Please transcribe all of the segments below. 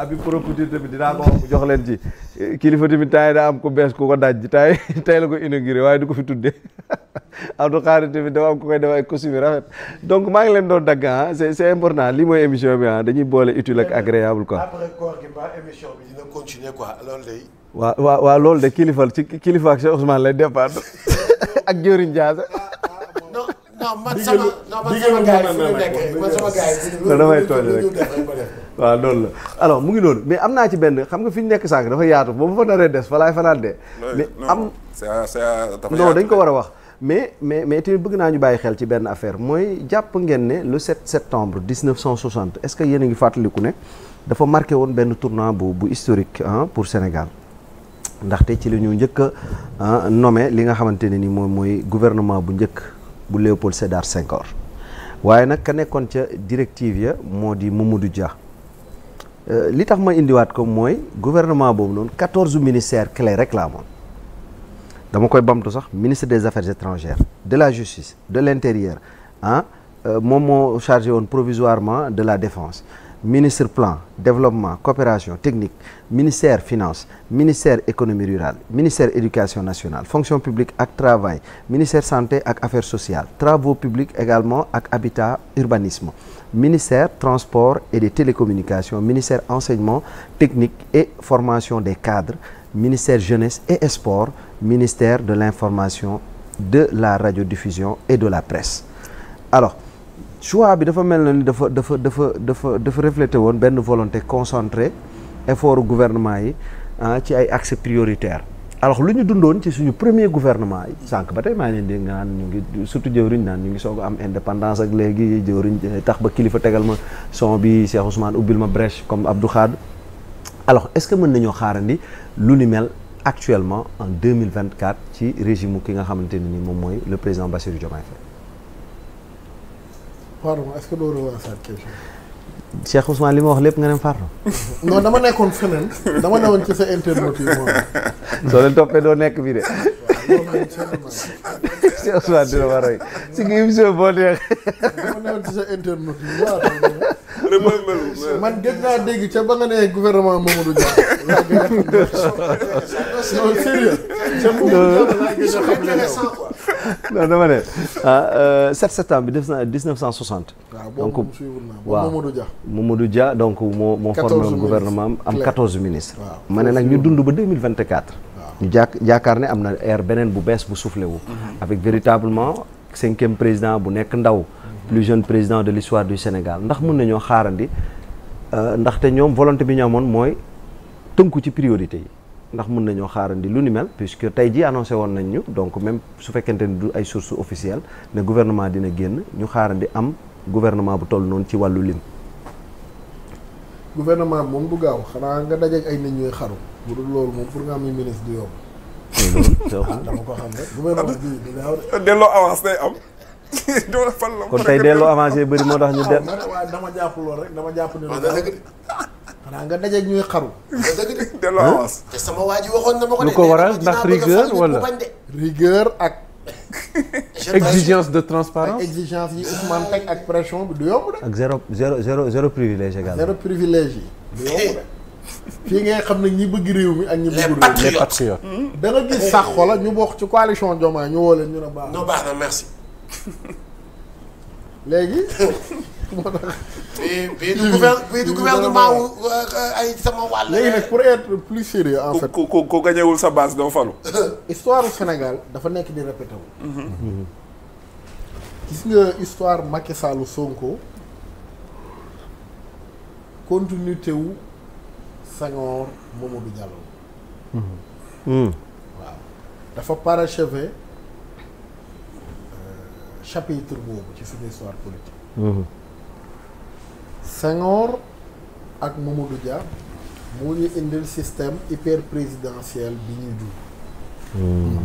abi propriété tamit dinaa ko wax jox leen ci kilifa tamit taay daa am ku bees ku ko daj taay tay la ko inauguré waaye du ko fi tuddee Abdou Khari tamit dafa am ku koy def ay costume rafet donc maa ngi leen doon dagg ah c'est c'est important lii mooy émission bi ah dañuy boole utile ak agréable quoi. après koor gi ba émission bi dina continuer quoi loolu lay. waaw waaw de kilifa si kilifa ak Cheikh Ousmane lay dépendre ak Dieuwrine Ndiaye non man sama non man rek waaw loolu la alors mu ngi noonu mais am naa ci benn xam nga fi ñu nekk sànq dafa yaatu boobu fa naree des fa laay fanaan dee. mais am non dañ ko war a wax. mais mais mais tamit bëgg naa ñu bàyyi xel ci benn affaire mooy jàpp ngeen ne le 7 septembre 1960 est-ce que yéen a ngi fàttaliku ne dafa marqué woon benn tournant bu bu historique ah pour Sénégal. ndaxte ci la ñu njëkk a nommé li nga xamante ne ni moom mooy gouvernement bu njëkk. bu Léopold Sédar Senghor waaye nag ka nekkoon ca directive ya moo di Mamadou Dia euh, li tax ma indiwaat ko mooy gouvernement boobu noonu quatorze ministères clés rek la amoon dama koy bamtu sax ministre des affaires étrangères de la justice de l'intérieur ah moom moo chargé woon provisoirement de la défense ministre plan développement coopération technique ministère finance ministère économie rurale ministère éducation nationale fonction publique ak travail ministère santé ak affaire sociales travaux publics également ak habitat urbanisme ministère transport et des télécommunications ministère enseignement technique et formation des cadres ministère jeunesse et sport ministère de l'information de la radiodiffusion et de la presse alors choix bi dafa mel na ni dafa dafa dafa dafa dafa reflété woon benn volonté concentre effort gouvernement yi ah, ci ay accès prioritaire alors lu ñu dundoon ci suñu premier gouvernement yi sànq ba tey maa ngi leen nga naan ñu ngi surtout jëwriñ naan ñu ngi soog am indépendance ak léegi jëwriñ eh, tax ba kilifa tegal ma son bi Cheikh Ousmane ubbil ma brèche comme Abdou Khad alors est-ce que mën nañoo xaarandi lu ni mel actuellement en 2024 ci régime ki nga xamante ne ni moom mooy le président Bassirou Diomaye Faye pardon est-ce que doo revoir cette question. Cheikh Ousmane li ma wax lépp nga ne Fatou. dama nekkoon feneen. dama newoon ci sa internet yi moom. soo leen toppee doo nekk fii de. Cheikh Ousmane dina ma rey si ngi émission boo neex. dama newoon ci sa internet bi waaw. man ca ba nga ne gouvernement Mamadou Dia. laa gën a xam non sérieux. non dama ne ah 7 euh, septembre 1960. waaw am 14 ministres. ma ne nag ñu dund ba 2024. ñu jàkk jaakaar ne am na air beneen bu bees bu soufflé wu mhm. avec véritablement cinquième président bu nekk ndaw plus jeune président de l'histoire du Sénégal ndax mën nañoo xaarandi euh, ndaxte ñoom volonté bi ñu amoon mooy tënku ci priorité yi ndax mën nañoo xaarandi lu ni mel puisque tey jii annoncé woon nañ ñu donc même su fekkente ni du ay sources officielles ne gouvernement dina génn ñu xaarandi am gouvernement bu toll noonu ci wàllu lim gouvernement bi moom du gaaw xanaa nga dajeeg ay nit ñuy xaru. bu dul loolu moom pour nga am ministre du yomb. Ah, dama ko xam rek gouvernement bi du delloo avance day am. doo fan la kon tey delloo avancé bëri moo tax ñu del ah, waaw dama jàpp dama jàpp ne ah, loolu xanaa nga dajeeg ñuy xaru. delloo te sama waa ji waxoon na ma ko de. lu ko waral ndax rigueur wala. rigueur ak. exigence de transparence exigence yi Ousmane teg ak pression bi du yomb de. ak zéro zéro zéro zéro privilège zéro privilège yi du yomb de. fii ngay xam ne ñi bëgg réew mi ak ñi bëgg réew mi les patriotes hmm. da nga gis sax xoola ñu bokk ci coalition Diomaye ñu woo leen ñu ne baax na. léegi. moo tax. bii du gouver hmm. hmm. euh, ay sama wàll. léegi euh, nag pour être plus sérieux en fait. ku ku ku gañewul sa base doo falu. histoire Sénégal dafa nekk di répété wu. Mm-hmm. Mm-hmm. gis nga histoire Macky Sall Sonko continuité wu Senghor Mamadou Diallo. Mm-hmm. Mm. waaw dafa parachever euh, chapitre boobu ci suñu histoire politique. Senghor ak Mamadou Dia moo ñu indil système hyper présidentiel bi ñuy dund. Hmm.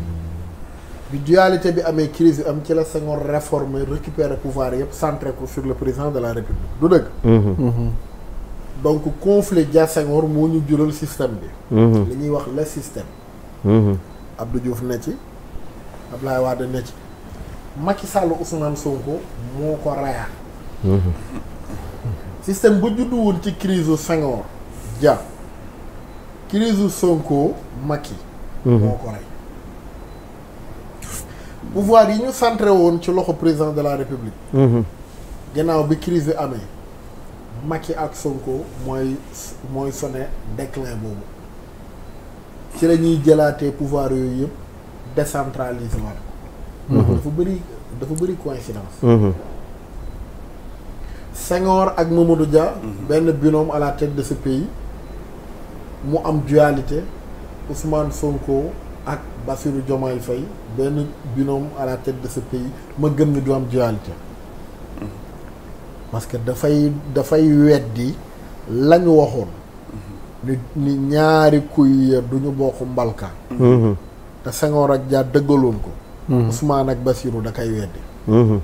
bi dualité bi amee crise bi am ci la Senghor réforme récupérer pouvoir yëpp centré ko sur le président de la république du dëgg. Hmm. Hmm. donc conflit Dia Senghor moo ñu jural système bi. li ñuy wax le système. Abdou Diouf ne ci Abdoulaye Wade ne ci Macky Sall Ousmane moo ko rayaat. système bu juddu woon ci crise u Senghor Dia crise u Sonko Macky mhm. moo ko rey pouvoir yi ñu centre woon ci loxo président de la république mhm. gannaaw bi crise bi amee Macky ak Sonko mooy mooy sonné déclin boobu ci la ñuy jëlaatee pouvoir yooyu yëpp décentraliser waat mhm. dafa bëri dafa bëri coïncidence Senghor ak Mamadou Dia. benn binôme à de ce pays mu am dualité Ousmane Sonko ak Bassirou Diomaye Faye benn binôme à de ce pays ma gëm ni du am dualité parce que dafay dafay weddi la ñu waxoon ni ni ñaari kuy yër du ñu bokk mbalka mhm. te Senghor ak Dia dëggaloon ko mhm. Ousmane ak Bassirou da weddi mhm.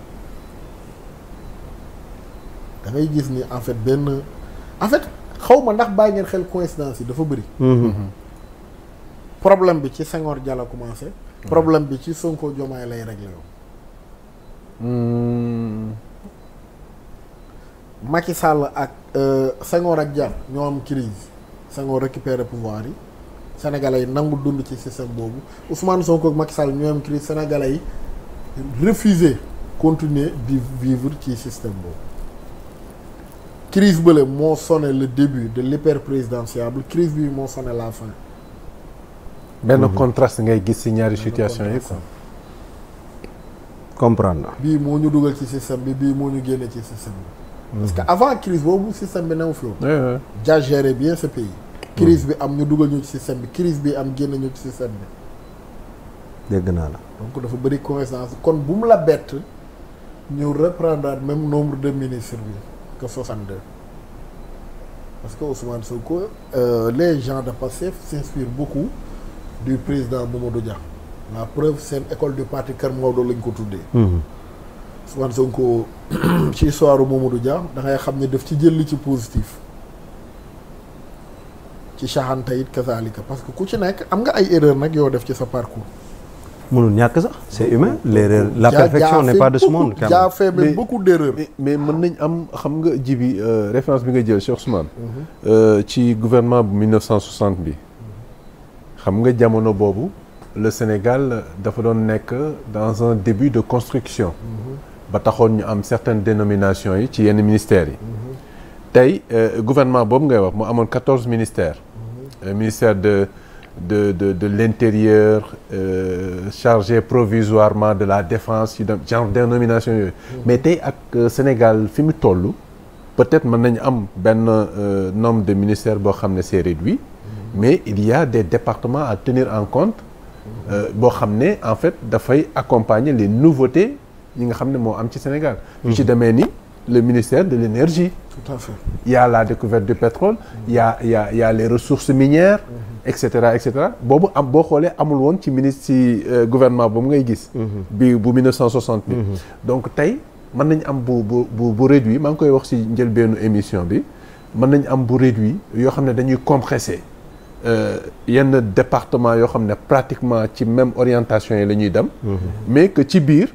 da gis ni en fait benn en fait xaw ma ndax bàyyi ngeen xel coïncidence yi dafa bëri. Mm-hmm. problème bi ci Senghor Jalla commencé. Mm-hmm. problème bi ci Sonko Diomaye lay réglé yow. Mm-hmm. Macky Sall ak euh, Senghor ak Dia ñoo am crise Senghor récupéré pouvoir yi sénégalais yi nangu dund ci système boobu Ousmane Sonko ak Macky Sall ñoo am crise sénégalais yi refusé continuer di vivre ci système boobu. crise bële moo sonné le début de l'hyperprésidentiable crise bi moo sonné la fin benn mhm. contraste ngay gis ci ñaari situation yi quoi comprendre bii moo ñu dugal ci système bi bii moo ñu génne ci système bi parce que mhm. avant crise boobu système bi new fi woon ja géré bien ce pays crise mhm. bi am ñu dugal ñu ci système bi crise bi am génne ñu ci système bi dégg naa la donc dafa bëri coïncidence kon bu mu la bett ñu reprendre même nombre de ministres bi que 62 parce que Ousmane Sonko euh, les gens de Pastef s'inspirent beaucoup du président Mamadou Dia la preuve seen école du parti Kër Maodo lañ ko tuddee. Hmm. Ousmane Sonko ci histoire Mamadou Dia da ngay xam ne daf ci jël ci positif. ci saxante it kazaalika parce que ku ci nekk am nga ay erreur nag yoo def ci sa parcours. mënul ñàkk sax c'est humain l'erreur la perfection n'est pas de ce monde quand même jaa fait mais mais mën nañ am xam nga ji bi euh, référence bi nga jël Cheikh Ousmane mhm. euh, ci gouvernement bu 1960 bi xam nga jamono boobu le Sénégal dafa doon nekk dans un début de construction mhm. ba taxoon ñu am certaines dénominations yi ci yenn ministères yi mhm. tey euh, gouvernement boobu ngay wax mu amoon 14 ministères ministère de de de de l'intérieur euh, chargé provisoirement de la défense yu genre dénomination yooyu. Mm. mais tey ak euh, Sénégal fi mu toll. peut-être mën nañu am benn euh, nombre de ministère boo xam ne c'est réduit. Mm. mais il y des départements à tenir en compte. Mm. Euh, boo xam ne en fait dafay accompagner les nouveautés ñi nga xam ne moo am ci Sénégal. yu ci demee ni. le ministère de l'énergie. Tout à fait. Il y a la découverte du pétrole. il y a il y a il y mhm. et cetera et cetera boobu am boo xoolee amul woon ci ministre ci euh, gouvernement boobu ngay gis. Mhm. bi bu 1960 bi. Mhm. donc tey mën nañ am bu bu bu bu réduit maa ngi koy wax si njëlbeenu émission bi mën nañ am bu réduit yoo xam ne dañuy compressé euh, yenn département yoo xam ne pratiquement ci même orientation yi la ñuy dem. mais que ci biir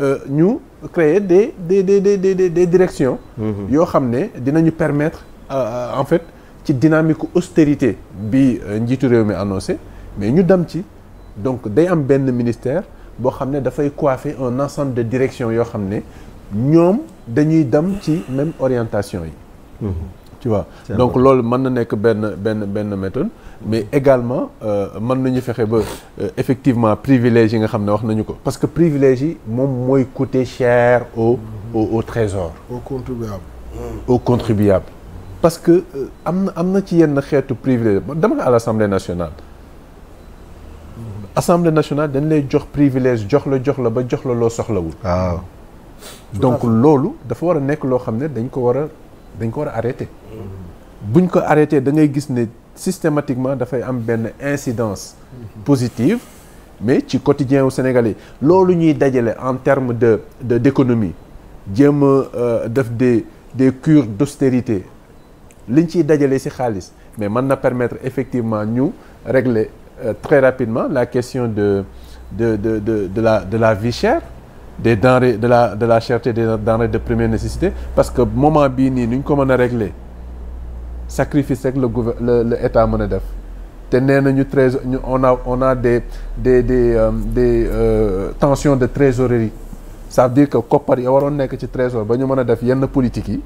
euh, ñu. créer des des des des de des direction mhm. yoo xam ne dinañu permettre euh, en fait ci dynamique austérité bi euh, njiitu réew mi annoncé mais ñu dem ci donc day am benn ministère boo xam ne dafay coiffer un ensemble de direction yoo xam ne ñoom dañuy dem ci même orientation yi. Mmh. donc loolu mën na nekk benn benn benn méthode. mais également euh, mën nañu fexe ba euh, effectivement privilège yi nga xam ne wax nañu ko parce que privilège yi moom mooy coûter cher au au au trésor au contribuable mm. au contribuable parce que euh, am na am na ci yenn xeetu privilège dama nga à l'Assemblée nationale Assemblée nationale dañ lay jox privilège jox la jox la ba jox la loo soxlawul waaw donc loolu dafa war a nekk loo xam ne dañ ko war a dañ ko war a arrêter mm. buñ ko arrêter da ngay gis ne systématiquement dafay am benn incidence positive mais ci quotidien wu sénégalais loolu ñuy dajale en terme de de d'économie jéem a euh, def des des cures d'austérité liñ ciy dajale si xaalis mais mën na permettre effectivement ñu régler euh, très rapidement la question de de de de de la de la vie chère des denrées de la de la cherté de denrées de première nécessité parce que moment bii nii ni ñu ko mën a régler sacrifice rek la gouver le état mën a def te nee nañu trésor ñu on a on a des des des euh, des euh, tensions de trésorerie ça veut dire que koppar yi waroon nekk ci trésor ba ñu mën a def yenn politique yi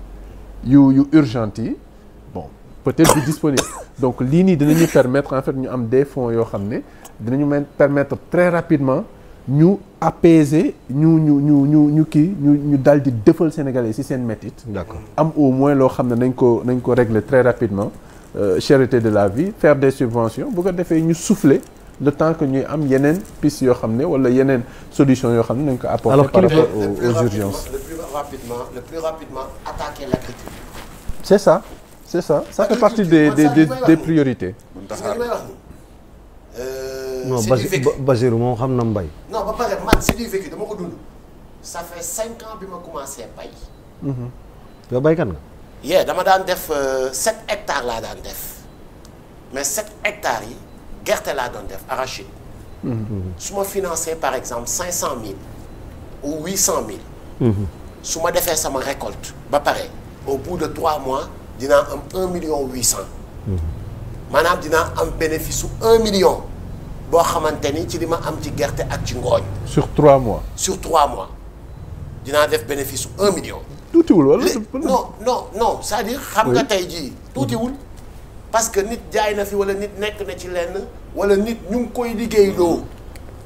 yu yu urgente yi bon peut-être du disponible donc lii nii ñu permettre en fait ñu am des fonds yoo xam ne dinañu permettre très rapidement ñu apaiser ñu ñu ñu ñu ñu kii ñu ñu daal di defal sénégalais ci seen métit d'accord am au moins loo xam ne nañ ko nañ ko régler très rapidement euh, de la vie faire des subventions bu ko defee ñu souffler le temps que ñuy am yeneen piste yoo xam ne wala yeneen solutions yoo xam ne nañ ko apporter alors par rapport aux, urgences le plus c'est ça c'est ça ça fait partie des des des, des priorités Euh, non Basiru moom xam na mbay. non ba pare man c'est du vécu dama ko dund. ça fait cinq ans bi ma commencé bay. Mhm. yow baykat nga. yee dama daan def euh, sept hectares laa daan def mais sept hectares yi gerte laa doon def arachide. Mhm. su ma financé par exemple cinq cent mille ou huit cent mille. Mhm. su ma defee sama récolte ba pare au bout de trois mois dinaa am un million huit cent. maanaam dinaa am bénéfice su un million boo xamante ni ci li ma am ci gerte ak ci ngooñ. sur trois mois. sur trois mois dinaa def bénéfice su un million. tuutiwul wala non non non dire xam nga tey jii tuutiwul. parce que nit jaay na fi wala nit nekk na ci lenn wala nit ñu ngi koy liggéeyloo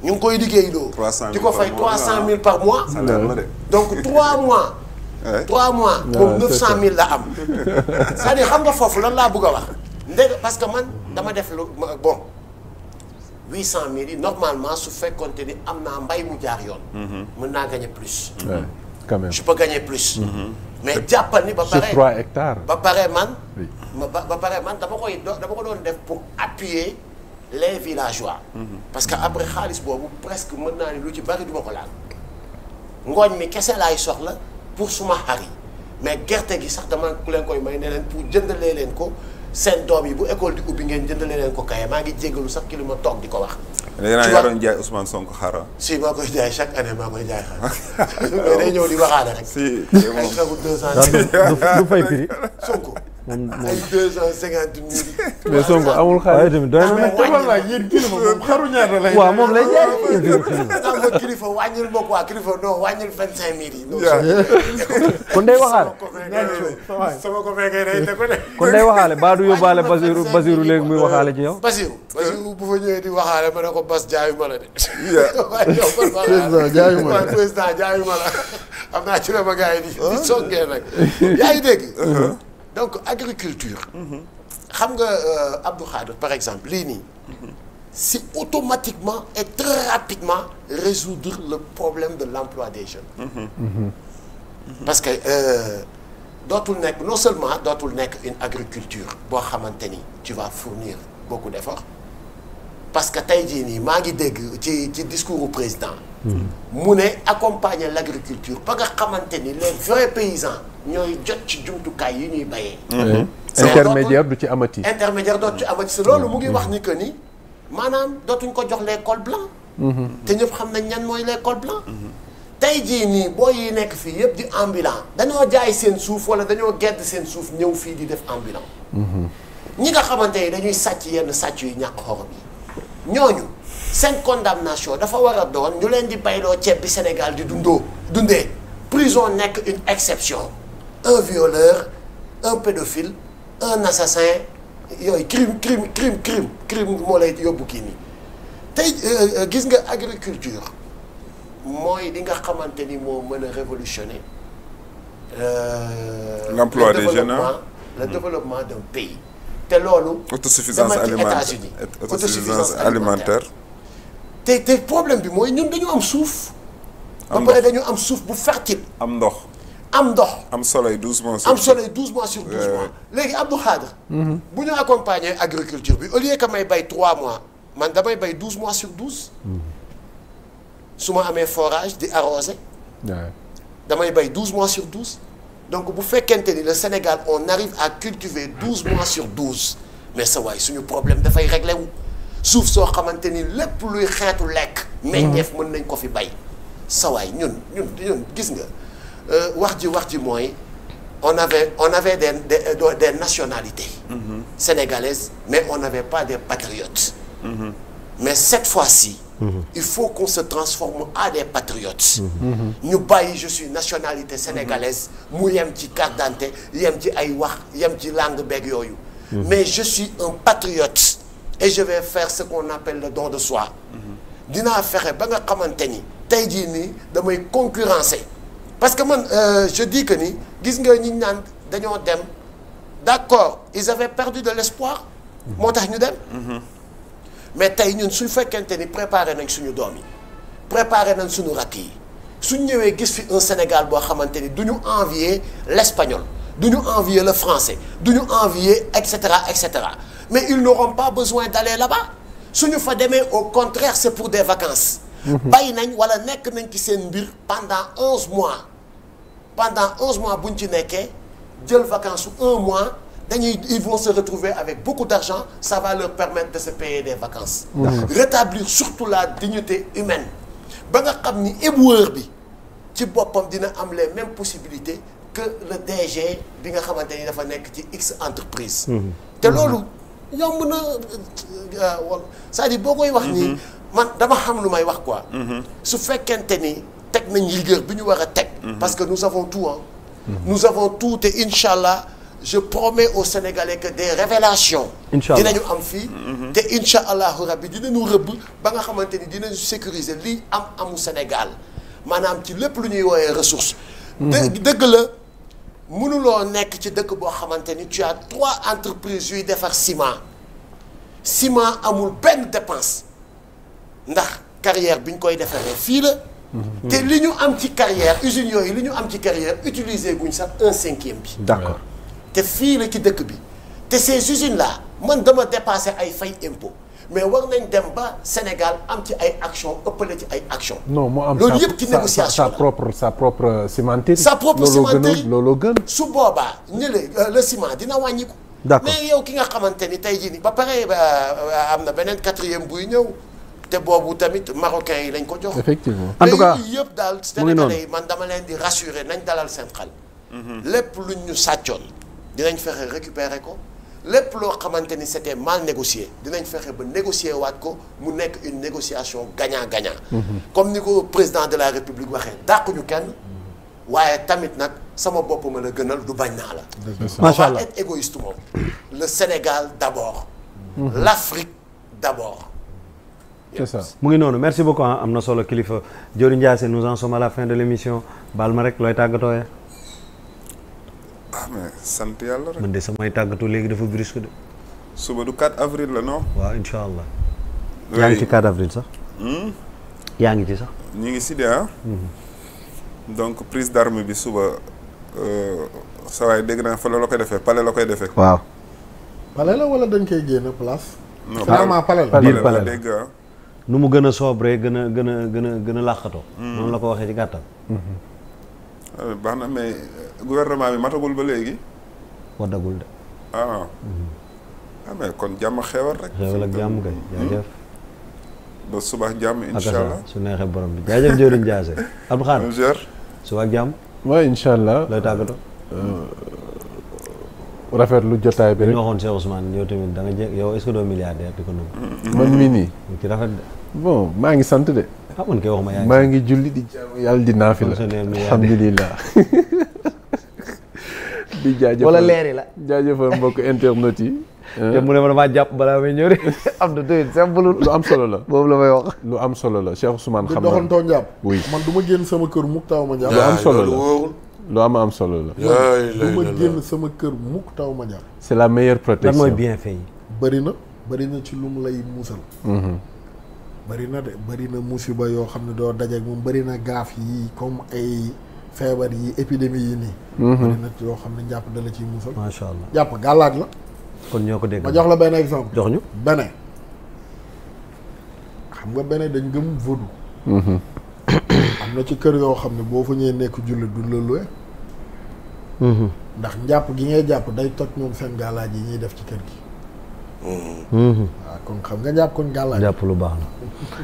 ñu ngi koy liggéeyloo. trois cent mille par mois di cent mille par mois. Ah, donc trois mois. trois cent mille la am. cest foofu lan laa bëgg a wax. ndég parce que man dama def lu bon huit cent mille yi normalement su fekkonte ni am naa mbay mu jaar yoon. Mhm. mën naa gagner plus. Ouais, quand même je peux gagner plus. Mhm. mais jàppal ni ba pare sur trois hectares. ba pare man. ba pare man dama koy dama ko doon def pour appuyer les villageois. Mhm. parce que après xaalis boobu presque mën naa ni lu ci bari duma ko laal. ngooñ mi kese laay soxla pour suma xar yi mais gerte gi sax dama ku leen koy may ne leen pour jëndalee leen ko. seen doom yi bu école di ubbi ngeen jëndale leen ko kaye maa ngi jéggalu sax ki li ma toog di ko wax. léegi naa yaroon jaay Ousmane Sonko xaaral. si maa koy jaay chaque année maa koy jaay xaaral mais day ñëw di waxaale rek. si ay xewu deux cent. du fay prix Sonko. man ay deux cent cinquante mille. mais Sonko amul moom moom de. kon day waxaale baa du muy waxaale ci yow. Basiru Basiru bu fa ñëwee di waxaale ko Bas jaayu ma la ma la président jaayu yi di. Ah. soogee nag yaa dégg. Uh-huh. donc agriculture. xam nga euh, Abdou Khadir par exemple lii nii. c'est automatiquement et très rapidement résoudre le problème de l'emploi des jeunes. parce que euh, dootul nekk non seulement dootul nekk une agriculture boo xamante ni tu vas fournir beaucoup d'efforts parce que tey jii nii maa ngi dégg ci ci discours du président. Mm-hmm. mu ne accompagner l'agriculture ba nga xamante ni les vrais paysans. ñooy jot ci jumtukaay yi ñuy bayee. Mhm. intermédiaire du ci amati. intermédiaire dootu ci amati si loolu mu ngi wax ni que ni maanaam dootuñ ko jox les cols blancs. Mhm. te ñëpp xam nañ ñan mooy les cols tey jii nii boo yi nekk fii yëpp di ambulant dañoo jaay seen suuf wala dañoo gedd seen suuf ñëw fii di def ambulant. Mhm. ñi nga xamante ni dañuy sàcc yenn sàcc yu ñàkk xorom yi ñooñu seen condamnation dafa war a doon ñu leen di bayloo ceeb bi Sénégal di dundoo dundee prison nekk une exception. un violeur un pédophile un assassin yooyu crime crime crime crime crime moo lay yóbbu kii nii tey euh, euh, gis nga agriculture mooy li nga xamante ni moo mën a révolutionner euh, l'emploi des jeunes le hmm. développement d'un pays te loolu autosuffisance alimentaire États-Unis alimentaire te te problème bi mooy ñun dañu am suuf ba pare dañu am suuf bu fertile am ndox am ndox. am soleil douze mois sur am soleil douze mois sur douze euh. mois. léegi Abdou Khadre. bu ñu accompagner agriculture bi au lieu que may bay trois mois man damay bay douze mois sur douze. su ma amee forage di arrosé. damay bay douze mois sur douze. donc bu fekkente ni le Sénégal on arrive à cultiver douze mois sur douze mais sa waay suñu problème dafay réglé wu suuf soo xamante ni lépp luy xeetu lekk. meññeef mën nañ ko fi bay. sa ñun ñun ñun gis nga. Euh, wax ji wax ji mooy on avait on des des, euh, des nationalités mm mais on n'avait pas des patriotes mm-hmm. mais cette fois-ci mm-hmm. Il faut qu'on se transforme à des patriotes. ñu bàyyi je suis nationalité sénégalaise mu yem ci carte d'identité yem ci ay wax yem ci langue beeg yooyu. mais je suis un patriote. et je vais faire ce qu'on appelle le don de soi. dinaa fexe ba nga xamante ni tey jii nii damay concurrencer. parce que man euh, je di que ni gis nga ñi naan dañoo dem d'accord ils avaient perdu de l'espoir moo tax ñu dem mhm. mais tey ñun suñ fekkente ni préparé nañ suñu doom yi préparé nañ suñu rakk yi suñ ñëwee gis fi un Sénégal boo xamante ni du ñu envier l'espagnol du ñu envier le français du ñu envier et cetera et cetera mais ils n'auront pas besoin d'aller là-bas suñu fa demee au contraire c'est pour des vacances Mhm. bay nañ wala nekk nañ ci seen mbir pendant onze mois pendant onze mois buñ ci nekkee jël vacance su un mois dañuy ils vont se retrouver avec beaucoup d'argent ça va permettre de se payer des vacances rétablir surtout la dignité humaine ba nga xam ni éboueur bi ci boppam dina am les mêmes possibilités que le DG bi nga xamante ni dafa nekk ci X entreprise mhm. te loolu yomb na wala euh, euh, c'est-à-dire boo koy wax nii. man dama xam lu may wax quoi. Mm-hmm. su fekkente ni teg nañ rigueur bi ñu war a teg. Mm-hmm. parce que nous avons tout ah. nous avons tout te incha allah je promets aux Sénégalais que des révélations dinañu am fii. te incha bi rabbi dinañu rëbb ba nga xamante ni dinañu sécuriser lii am amu Sénégal maanaam ci lépp lu ñuy woowee ressource. dëgg la. mënuloo nekk ci dëkk boo xamante ni tu as trois entreprises yuy defar ciment ciment amul benn dépense ndax carrière bi ñu koy defaree fii la. Mhm. te li ñu am ci carrière usines yooyu li ñu am ci carrière utiliser guñ sax un cinquième bi. d'accord te fii la ci dëkk bi te ces usines là man dama dépasser ay fay impôt mais war nañ dem ba Sénégal am ci ay action ëppale ci ay action no mu am loolu yëpp ci négociation sa propre sa propre cimenterie sa propre cimenterie looloo gën su boobaa ñële euh, le ciment dina wàññiku d'accord mais yow ki nga xamante ni tey jii nii ba pare euh, am na beneen quatrième buy ñëw te boobu tamit marocain yi lañ ko jox effectivement en tout cas yëpp daal sénégalais yi man dama leen di rassurer nañ dalal seen xel mhm. lépp lu ñu sàccoon dinañ fexe récupérer ko lépp loo xamante ni c'était mal négocié dinañ fexe ba négocier waat ko mu nekk une négociation gagnant gagnant mhm. comme ni ko président de la république waxee dàquñu kenn waaye tamit nag sama bopp ma la gënal du bañ naa la macha allah être égoïste moom le Sénégal d'abord mhm. l'Afrique d'abord c'est ça mu ngi noonu merci beaucoup am na solo kilifa Diori Ndiassé nous en sommes à la fin de l'émission baal ma rek looy tàggatooyee eh? ah mais sant yàlla rek. man de samay tàggatu léegi dafa brusque de. suba du 4 avril la non. waaw incha allah. yaa ngi ci 4 avril sax. Hmm? yaa ngi ci sax. ñu ngi si de ah. Hmm. donc prise d'armes bi suba euh, saa waay dégg naa fa la la koy defee pale la koy defee. waaw. pale la wala dañ koy génne place. non vraiment pale la biir pale la nu mu gën a soobree gën a gën a gën a gën a làqatoo. Hmm. noonu la ko waxee ci gàttal. Euh, gouvernement bi matagul ba léegi. waddagul de. ah. Mhm. ah kon jàmm xewal rek. xewal ak jàmm kay hmm? jaajëf. ba suba ak jàmm incha allah su neexee borom bi jaajëf Dior Ndiaye. Abdou Khadre bonjour. suba ak jàmm. waaw incha allah looy tàggatoo. Euh, rafetlu jotaay bi rek ñu waxoon Cheikh Ousmane yow tamit da nga jé yow est-ce di ko nëbb. Hmm. man mii nii. ci rafet de. bon maa ngi sant de. ah man kay wax ma maa ngi julli di jaamu yàlla di naafila. alhamdulilah. di a wala leeri la jaajëfal mbokk internet yi. te mu ne ma a jàpp balaa may ñëw am na am solo la boobu la a lu am solo la Cheikh Ousmane. a na doxantoo njàpp. oui man du ma génn sama kër mukk taw ma njàpp. lu am solo la lu am am solo la. du ma génn sama kër mukk taw ma njàpp. c'est la meilleure protection. lan mooy bienfait na bëri na ci lu mu lay muusal. Mm-hmm. bëri na de bëri musiba yoo xam ne doo dajeeg moom bëri gaaf yi comme ay. feebar yi épidémie yi nii. Mhm. bëri na yoo xam ne jàpp dala ciy musal. macha allah jàpp gàllaat la. kon ñoo ko dégg ma jox la benn exemple. jox ñu bene xam nga benn dañ gëm vodou. Mhm. am na ci kër yoo xam ne boo fa ñëwee nekk jullit du la luwe. Mhm. ndax njàpp gi ngay jàpp day toj ñoom seen gàllaaj yi ñuy def ci kër gi. Mm-hmm. Ah, kon xam nga jàpp kon gàllaaj jàpp lu baax la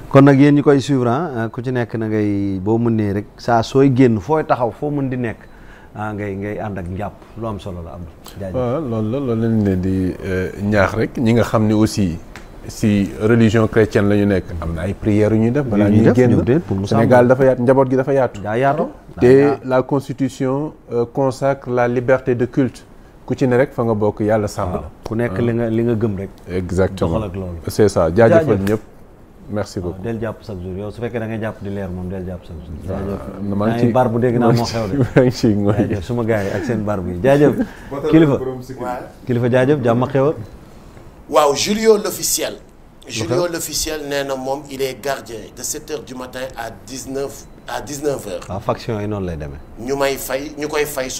kon nag yéen ñi koy suivre ah, ah, ku ci nekk na ngay boo nee rek saa sooy génn foo taxaw foo mën di nekk ah ngay ngay ànd ak njàpp lu am solo la Abdou. jaajëf waaw loolu la loolu leen di eh, ñaax rek ñi nga xam ne aussi. si religion chrétienne la ñu nekk am na ay prière yu ñuy def balaa ñuy génn Sénégal dafa yaatu njaboot gi dafa yaatu daa yaatu te la constitution euh, consacre la liberté de culte ku ci ne rek fa nga bokk yàlla sàmm la ku nekk li nga gëm rek exactement doxal loolu c'est ça jaajëfal ñëpp merci ah, beaucoup del jàpp chaque jour yow su fekkee da ngay jàpp di leer moom del jàpp chaque jour ah, jaajëf maa ngi bar moo xew de maa ngi ciy ngooy jaajëf suma gars yi ak seen bar bu yi jaajëf kilifa kilifa jaajëf jàmm xewal waaw Julio l'officiel Julio l'officiel nee na moom il est gardien de 7 heures du matin à 19 à 19 heures ah, faction yi noonu lay demee ñu may fay ñu koy fay